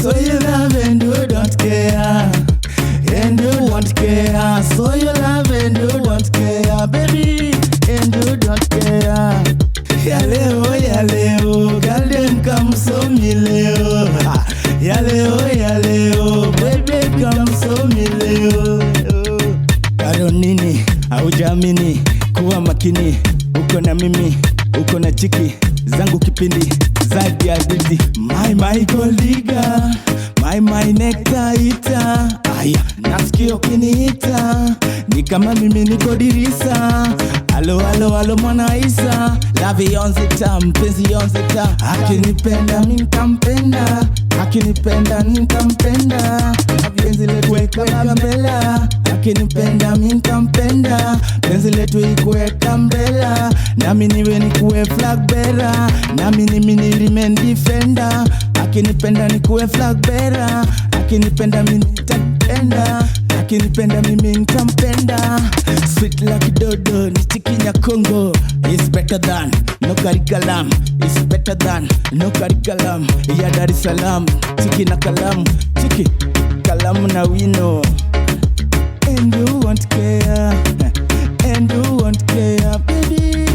so you love and you don't care. And you don't care, so you love and you don't care, baby, and you don't care. Ya leo, oh, ya leo, oh, garden come so me leo. Ya leo, ya leo, oh, baby come so me leo. Karo nini, jamini kuwa makini, uko na mimi uko na chiki zangu kipindi zaidi ya adidi my my koliga my my nektaita aya nasikio ukiniita ni kama mimi niko dirisa alo alo alo mwana Isa lavi yonzita mpenzi yonzita akinipenda nitampenda akinipenda nitampenda penzi letu kama mbela Ukinimpenda mi ntampenda, penzi letu ikuweka mbele, nami niwe nikuwe flag bearer, nami nimi ni remain defender. Akinipenda nikuwe flag bearer, akinipenda mi nitampenda Akinipenda mimi nitampenda, sweet like dodo ni tiki chikinya Kongo, is better than no curriculum, is better than no curriculum ya Dar es Salaam, chiki na kalamu, tiki kalamu na wino won't care and you won't care baby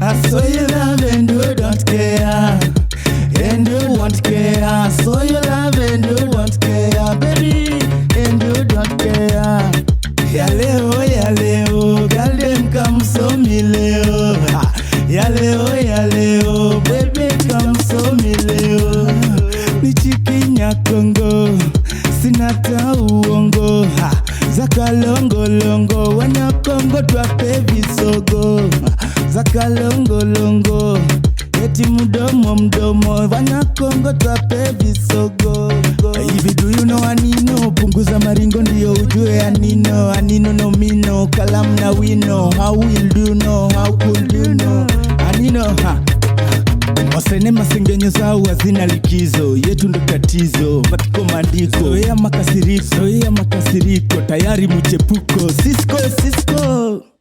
I saw you love and you don't care and you won't care I saw you love and you don't care baby and you don't care yaleo, leo ya come so me leo Yaleo, oh, yaleo, oh, baby come so me leo ni chikinya Kongo sina ta uongo za kalongolongo wanakongo twape visogo za kalongolongo eti mdomo mdomo wanakongo twape visogo hivi do you anino punguza maringo ndio ujue anino anino nomino kalamu na wino how will you know how could you know anino ha Renema sengenyo zao hazina likizo, yetu ndo tatizo, matiko maandiko, zoea makasiriko, zoea makasiriko, tayari mchepuko, sisko, sisko.